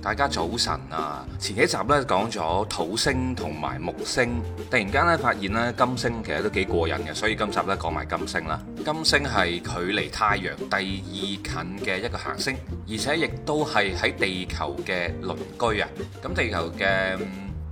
大家早晨啊！前幾集咧講咗土星同埋木星，突然間咧發現咧金星其實都幾過癮嘅，所以今集咧講埋金星啦。金星係距離太陽第二近嘅一個行星，而且亦都係喺地球嘅鄰居啊！咁地球嘅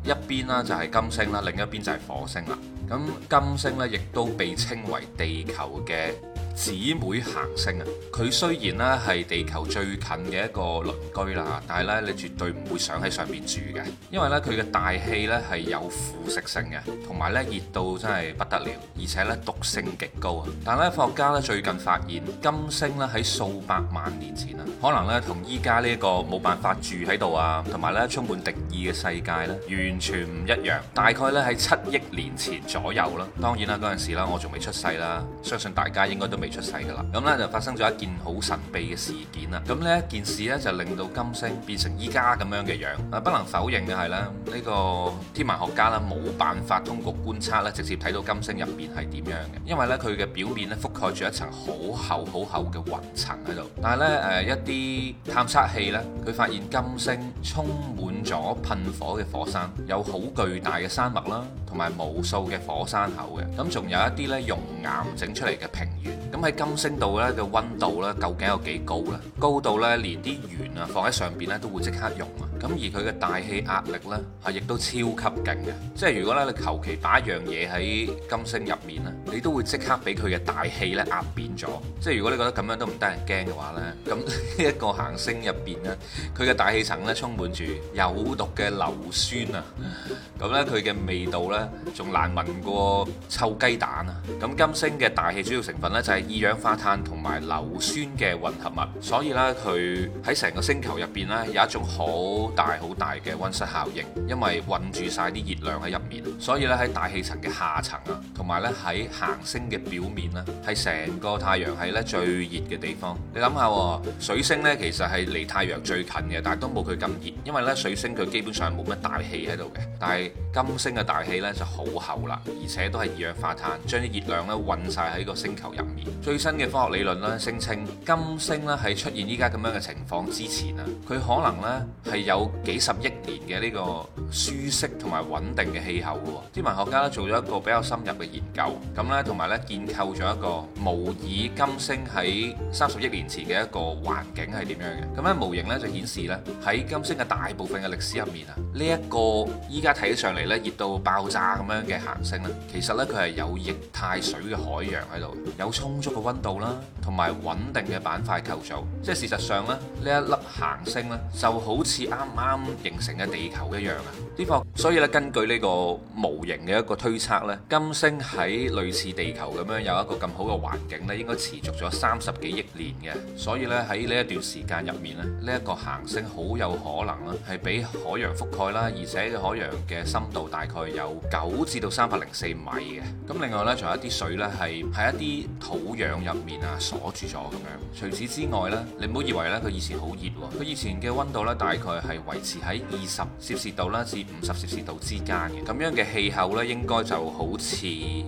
一邊啦就係金星啦，另一邊就係火星啦。咁金星咧亦都被稱為地球嘅姊妹行星啊，佢雖然咧係地球最近嘅一個鄰居啦，但係咧你絕對唔會想喺上面住嘅，因為咧佢嘅大氣咧係有腐蝕性嘅，同埋咧熱到真係不得了，而且咧毒性極高啊！但係咧科學家咧最近發現金星咧喺數百萬年前啊，可能咧同依家呢一個冇辦法住喺度啊、同埋咧充滿敵意嘅世界咧完全唔一樣。大概咧喺七億年前左右啦，當然啦嗰陣時啦我仲未出世啦，相信大家應該都未出世噶啦，咁咧就發生咗一件好神秘嘅事件啦。咁呢一件事呢，就令到金星變成依家咁樣嘅樣。啊，不能否認嘅係咧，呢、這個天文學家呢，冇辦法通過觀測呢，直接睇到金星入邊係點樣嘅，因為呢，佢嘅表面呢，覆蓋住一層好厚好厚嘅雲層喺度。但係呢，誒，一啲探測器呢，佢發現金星充滿咗噴火嘅火山，有好巨大嘅山脈啦。同埋無數嘅火山口嘅，咁仲有一啲咧熔岩整出嚟嘅平原。咁喺金星度咧嘅溫度咧，究竟有幾高咧？高到咧連啲鉛啊放喺上邊咧都會即刻融。咁而佢嘅大氣壓力呢，係亦都超級勁嘅。即係如果咧你求其擺樣嘢喺金星入面咧，你都會即刻俾佢嘅大氣咧壓扁咗。即係如果你覺得咁樣都唔得人驚嘅話呢，咁一個行星入邊咧，佢嘅大氣層咧充滿住有毒嘅硫酸啊。咁咧佢嘅味道呢，仲難聞過臭雞蛋啊。咁金星嘅大氣主要成分呢，就係二氧化碳同埋硫酸嘅混合物，所以呢，佢喺成個星球入邊呢，有一種好好大好大嘅溫室效應，因為困住晒啲熱量喺入面，所以咧喺大氣層嘅下層啊，同埋咧喺行星嘅表面呢，係成個太陽系咧最熱嘅地方。你諗下，水星呢其實係離太陽最近嘅，但係都冇佢咁熱，因為呢，水星佢基本上冇乜大氣喺度嘅，但係金星嘅大氣呢就好厚啦，而且都係二氧化碳，將啲熱量呢困晒喺個星球入面。最新嘅科學理論呢聲稱，金星呢喺出現依家咁樣嘅情況之前啊，佢可能呢係有。有幾十億年嘅呢個舒適同埋穩定嘅氣候嘅喎，天文學家咧做咗一個比較深入嘅研究，咁咧同埋咧建構咗一個模擬金星喺三十億年前嘅一個環境係點樣嘅，咁咧模型咧就顯示咧喺金星嘅大部分嘅歷史入面啊，呢一個依家睇起上嚟咧熱到爆炸咁樣嘅行星咧，其實咧佢係有液態水嘅海洋喺度，有充足嘅溫度啦，同埋穩定嘅板塊構造，即係事實上咧呢一粒行星咧就好似啱。啱啱形成嘅地球一樣啊！呢個，所以咧根據呢個模型嘅一個推測咧，金星喺類似地球咁樣有一個咁好嘅環境咧，應該持續咗三十幾億年嘅。所以咧喺呢一段時間入面咧，呢一個行星好有可能啦係俾海洋覆蓋啦，而且嘅海洋嘅深度大概有九至到三百零四米嘅。咁另外咧仲有一啲水咧係喺一啲土壤入面啊鎖住咗咁樣。除此之外咧，你唔好以為咧佢以前好熱，佢以前嘅温度咧大概係。維持喺二十攝氏度啦至五十攝氏度之間嘅咁樣嘅氣候咧，應該就好似誒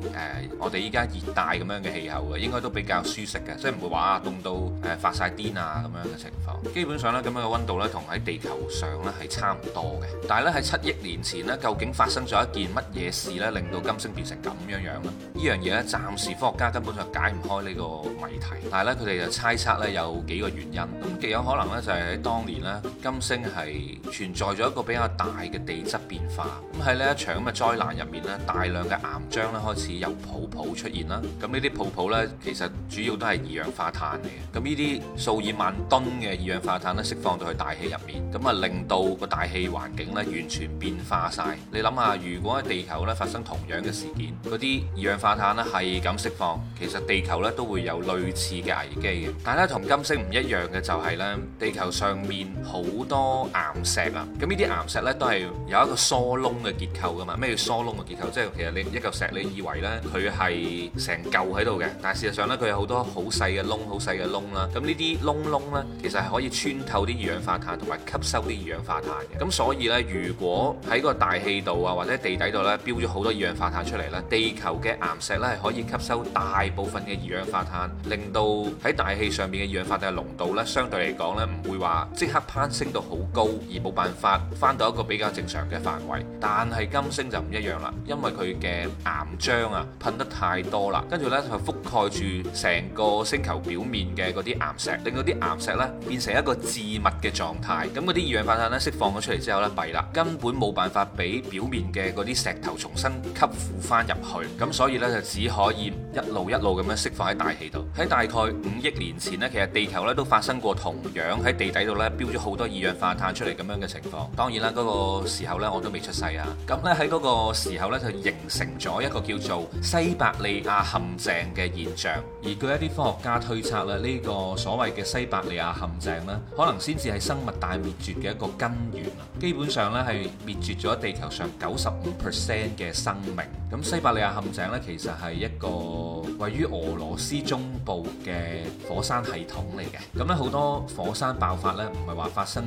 我哋依家熱帶咁樣嘅氣候嘅，應該都比較舒適嘅，即係唔會話啊凍到誒發曬癲啊咁樣嘅情況。基本上咧咁樣嘅溫度咧，同喺地球上咧係差唔多嘅。但係咧喺七億年前咧，究竟發生咗一件乜嘢事咧，令到金星變成咁樣樣咧？呢樣嘢咧，暫時科學家根本上解唔開呢個謎題。但係咧，佢哋就猜測咧有幾個原因。咁極有可能咧，就係喺當年咧，金星係存在咗一個比較大嘅地質變化，咁喺呢一場咁嘅災難入面咧，大量嘅岩漿咧開始由泡泡出現啦，咁呢啲泡泡咧其實主要都係二氧化碳嚟嘅，咁呢啲數以萬噸嘅二氧化碳咧釋放到去大氣入面，咁啊令到個大氣環境咧完全變化晒。你諗下，如果喺地球咧發生同樣嘅事件，嗰啲二氧化碳咧係咁釋放，其實地球咧都會有類似嘅危機嘅。但係同金星唔一樣嘅就係呢，地球上面好多岩。岩石啊，咁呢啲岩石咧都係有一個疏窿嘅結構噶嘛？咩叫疏窿嘅結構？即係其實你一嚿石，你以為呢，佢係成嚿喺度嘅，但係事實上呢，佢有好多好細嘅窿，好細嘅窿啦。咁呢啲窿窿呢，其實係可以穿透啲二氧化碳同埋吸收啲二氧化碳嘅。咁所以呢，如果喺個大氣度啊或者地底度呢，飆咗好多二氧化碳出嚟呢，地球嘅岩石呢，係可以吸收大部分嘅二氧化碳，令到喺大氣上面嘅二氧化碳濃度呢，相對嚟講呢，唔會話即刻攀升到好高。而冇辦法翻到一個比較正常嘅範圍，但係金星就唔一樣啦，因為佢嘅岩漿啊，噴得太多啦，跟住呢，就覆蓋住成個星球表面嘅嗰啲岩石，令到啲岩石呢，變成一個緻密嘅狀態，咁嗰啲二氧，氧，氧化碳呢，釋放咗出嚟之後呢，弊啦，根本冇辦法俾表面嘅嗰啲石頭重新吸附翻入去，咁所以呢，就只可以一路一路咁樣釋放喺大氣度。喺大概五億年前呢，其實地球呢都發生過同樣喺地底度呢，飆咗好多二氧，氧化碳出嚟。咁樣嘅情況，當然啦，嗰個時候呢，我都未出世啊。咁呢，喺嗰個時候呢，就形成咗一個叫做西伯利亞陷阱嘅現象，而據一啲科學家推測啦，呢個所謂嘅西伯利亞陷阱呢，可能先至係生物大滅絕嘅一個根源。基本上呢，係滅絕咗地球上九十五 percent 嘅生命。咁西伯利亞陷阱咧，其實係一個位於俄羅斯中部嘅火山系統嚟嘅。咁咧好多火山爆發咧，唔係話發生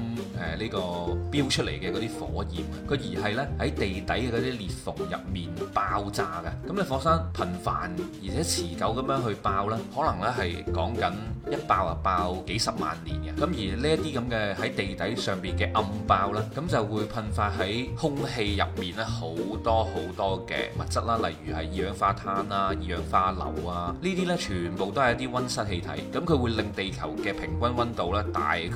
誒呢個飆出嚟嘅嗰啲火焰，佢而係咧喺地底嘅嗰啲裂縫入面爆炸嘅。咁咧火山頻繁而且持久咁樣去爆咧，可能咧係講緊一爆啊爆幾十萬年嘅。咁而呢一啲咁嘅喺地底上邊嘅暗爆咧，咁就會噴發喺空氣入面咧好多好多嘅物質啦，例如係二氧化碳啊、二氧化硫啊，呢啲呢全部都係一啲温室氣體，咁佢會令地球嘅平均温度呢大概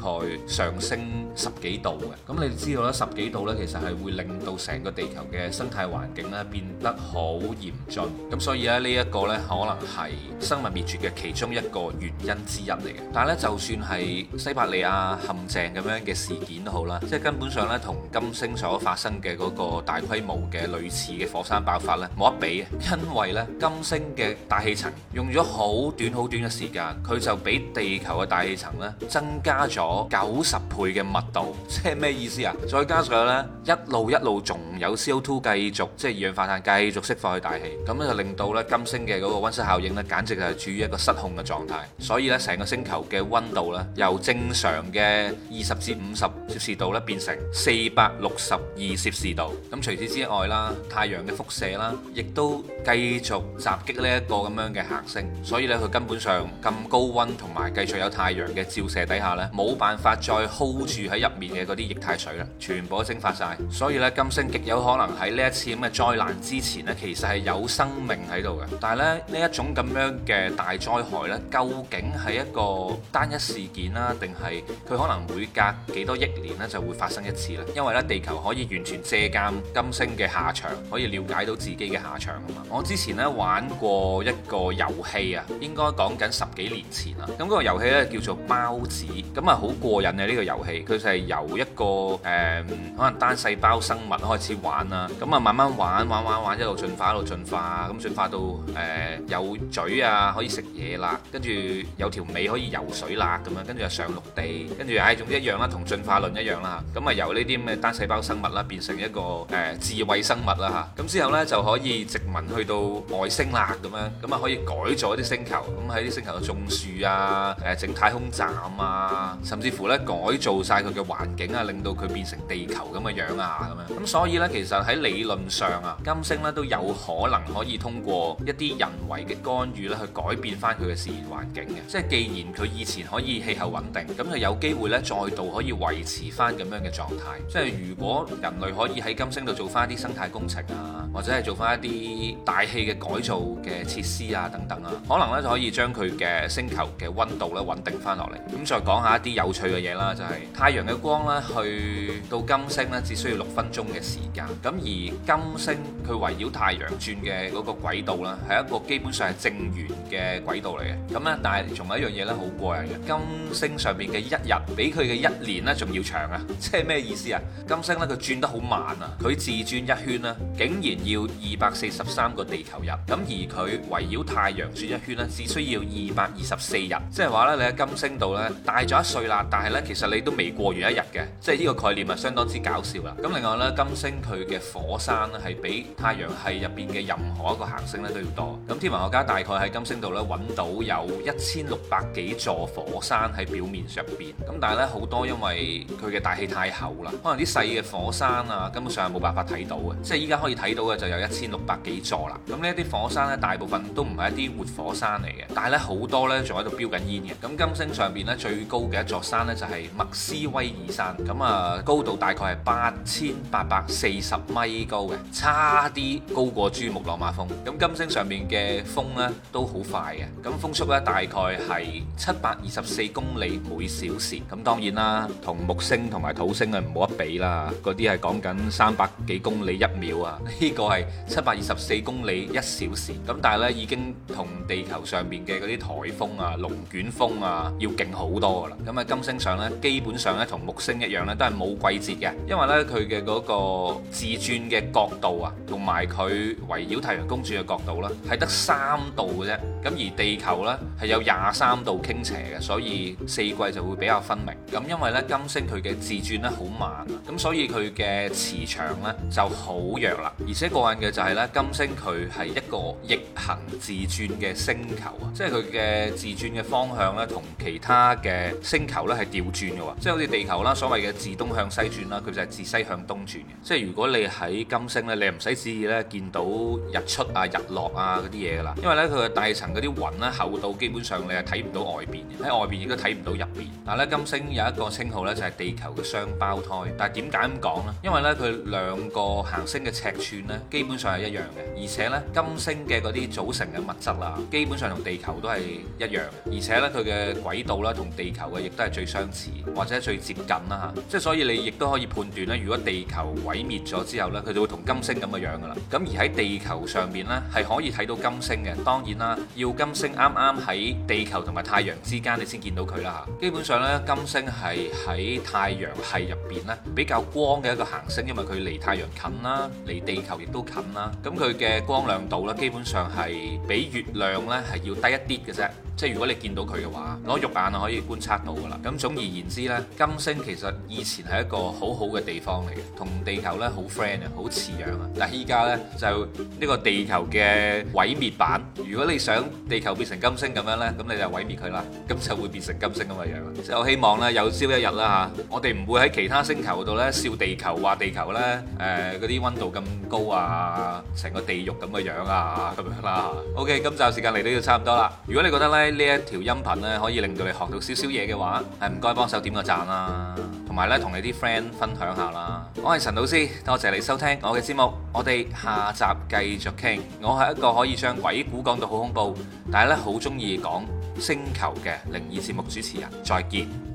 上升十幾度嘅。咁你知道啦，十幾度呢其實係會令到成個地球嘅生態環境呢變得好嚴峻。咁所以咧呢一個呢可能係生物滅絕嘅其中一個原因之一嚟嘅。但係咧，就算係西伯利亞陷阱咁樣嘅事件都好啦，即係根本上呢，同金星所發生嘅嗰個大規模嘅類似嘅火山爆發咧。冇得比啊！因為呢金星嘅大氣層用咗好短好短嘅時間，佢就比地球嘅大氣層呢增加咗九十倍嘅密度，即係咩意思啊？再加上呢一路一路仲有 CO2 繼續即係二氧化碳繼續釋放去大氣，咁咧就令到呢金星嘅嗰個温室效應呢，簡直就係處於一個失控嘅狀態，所以呢成個星球嘅温度呢由正常嘅二十至五十攝氏度咧變成四百六十二攝氏度。咁除此之外啦，太陽嘅輻射啦，亦都繼續襲擊呢一個咁樣嘅行星。所以咧，佢根本上咁高温同埋繼續有太陽嘅照射底下咧，冇辦法再 hold 住喺入面嘅嗰啲液態水啦，全部都蒸發晒。所以咧，金星極有可能喺呢一次咁嘅災難之前咧，其實係有生命喺度嘅。但係咧，呢一種咁樣嘅大災害咧，究竟係一個單一事件啦，定係佢可能會隔幾多億？咧就會發生一次啦，因為咧地球可以完全借鑑金星嘅下場，可以了解到自己嘅下場啊嘛。我之前咧玩過一個遊戲啊，應該講緊十幾年前啦。咁、那、嗰個遊戲咧叫做孢子，咁啊好過癮嘅呢個遊戲，佢就係由一個誒、呃、可能單細胞生物開始玩啦，咁啊慢慢玩玩玩玩，一路進化一路進化，咁進化,化到誒、呃、有嘴啊可以食嘢啦，跟住有條尾可以游水啦，咁樣跟住就上陸地，跟住唉總之一樣啦，同進化。一樣啦，咁啊由呢啲咩單細胞生物啦變成一個誒智慧生物啦嚇，咁之後咧就可以殖民去到外星啦咁樣，咁啊可以改造啲星球，咁喺啲星球度種樹啊，誒整太空站啊，甚至乎咧改造曬佢嘅環境啊，令到佢變成地球咁嘅樣啊咁樣，咁所以咧其實喺理論上啊，金星咧都有可能可以通過一啲人為嘅干預咧去改變翻佢嘅自然環境嘅，即係既然佢以前可以氣候穩定，咁就有機會咧再度可以維持。持翻咁樣嘅狀態，即係如果人類可以喺金星度做翻一啲生態工程啊，或者係做翻一啲大氣嘅改造嘅設施啊等等啊，可能咧就可以將佢嘅星球嘅溫度咧穩定翻落嚟。咁再講下一啲有趣嘅嘢啦，就係太陽嘅光咧去到金星咧只需要六分鐘嘅時間。咁而金星佢圍繞太陽轉嘅嗰個軌道咧係一個基本上係正圓嘅軌道嚟嘅。咁咧，但係仲有一樣嘢咧好過癮嘅，金星上面嘅一日比佢嘅一年咧仲要。長啊，即係咩意思啊？金星咧，佢轉得好慢啊，佢自轉一圈咧，竟然要二百四十三個地球日。咁而佢圍繞太陽轉一圈呢，只需要二百二十四日。即係話呢，你喺金星度呢，大咗一歲啦，但係呢，其實你都未過完一日嘅。即係呢個概念啊，相當之搞笑啦。咁另外呢，金星佢嘅火山咧係比太陽系入邊嘅任何一個行星咧都要多。咁天文學家大概喺金星度咧揾到有一千六百幾座火山喺表面上邊。咁但係呢，好多因為佢嘅大氣太厚啦，可能啲細嘅火山啊，根本上係冇辦法睇到嘅。即係依家可以睇到嘅就有一千六百幾座啦。咁呢啲火山咧，大部分都唔係一啲活火山嚟嘅，但係咧好多咧仲喺度標緊煙嘅。咁金星上邊咧最高嘅一座山咧就係、是、麥斯威爾山，咁啊，高度大概係八千八百四十米高嘅，差啲高過珠穆朗瑪峰。咁金星上面嘅風咧都好快嘅，咁風速咧大概係七百二十四公里每小時。咁當然啦，同木星同埋土星唔好一比啦。嗰啲係講緊三百幾公里一秒啊，呢、呢個係七百二十四公里一小時。咁但係呢，已經同地球上邊嘅嗰啲颱風啊、龍捲風啊，要勁好多噶啦。咁啊，金星上呢，基本上呢，同木星一樣呢，都係冇季節嘅，因為呢，佢嘅嗰個自轉嘅角度啊，同埋佢圍繞太陽公轉嘅角度啦、啊，係得三度嘅啫。咁而地球咧係有廿三度傾斜嘅，所以四季就會比較分明。咁因為咧金星佢嘅自轉咧好慢，咁所以佢嘅磁場咧就好弱啦。而且過癮嘅就係、是、咧金星佢係一個逆行自轉嘅星球啊，即係佢嘅自轉嘅方向咧同其他嘅星球咧係調轉嘅喎。即係好似地球啦，所謂嘅自東向西轉啦，佢就係自西向東轉嘅。即係如果你喺金星咧，你唔使指意咧，見到日出啊、日落啊嗰啲嘢噶啦，因為呢，佢嘅大層。嗰啲雲咧厚度基本上你係睇唔到外邊嘅，喺外邊亦都睇唔到入邊。但係咧金星有一個稱號咧就係地球嘅雙胞胎，但係點解咁講呢？因為咧佢兩個行星嘅尺寸咧基本上係一樣嘅，而且咧金星嘅嗰啲組成嘅物質啊，基本上同地球都係一樣，而且咧佢嘅軌道咧同地球嘅亦都係最相似或者最接近啦嚇。即係所以你亦都可以判斷咧，如果地球毀滅咗之後咧，佢就會同金星咁嘅樣噶啦。咁而喺地球上面咧係可以睇到金星嘅，當然啦叫金星，啱啱喺地球同埋太陽之間，你先見到佢啦吓，基本上咧，金星係喺太陽系入邊咧比較光嘅一個行星，因為佢離太陽近啦，離地球亦都近啦。咁佢嘅光亮度咧，基本上係比月亮咧係要低一啲嘅啫。即係如果你見到佢嘅話，攞肉眼啊可以觀察到㗎啦。咁總而言之咧，金星其實以前係一個好好嘅地方嚟嘅，同地球咧好 friend 啊，好似樣啊。但係依家咧就呢個地球嘅毀滅版。如果你想地球變成金星咁樣咧，咁你就毀滅佢啦，咁就會變成金星咁嘅樣啦。即係我希望咧有朝一日啦吓、啊，我哋唔會喺其他星球度咧笑地球話、啊、地球咧誒啲溫度咁高啊，成個地獄咁嘅樣啊咁樣啦、啊。OK，今集時間嚟到要差唔多啦。如果你覺得咧，呢一條音頻咧，可以令到你學到少少嘢嘅話，係唔該幫手點個讚啦、啊，同埋咧同你啲 friend 分享下啦。我係陳老師，多謝你收聽我嘅節目，我哋下集繼續傾。我係一個可以將鬼故講到好恐怖，但係咧好鍾意講星球嘅靈異節目主持人。再見。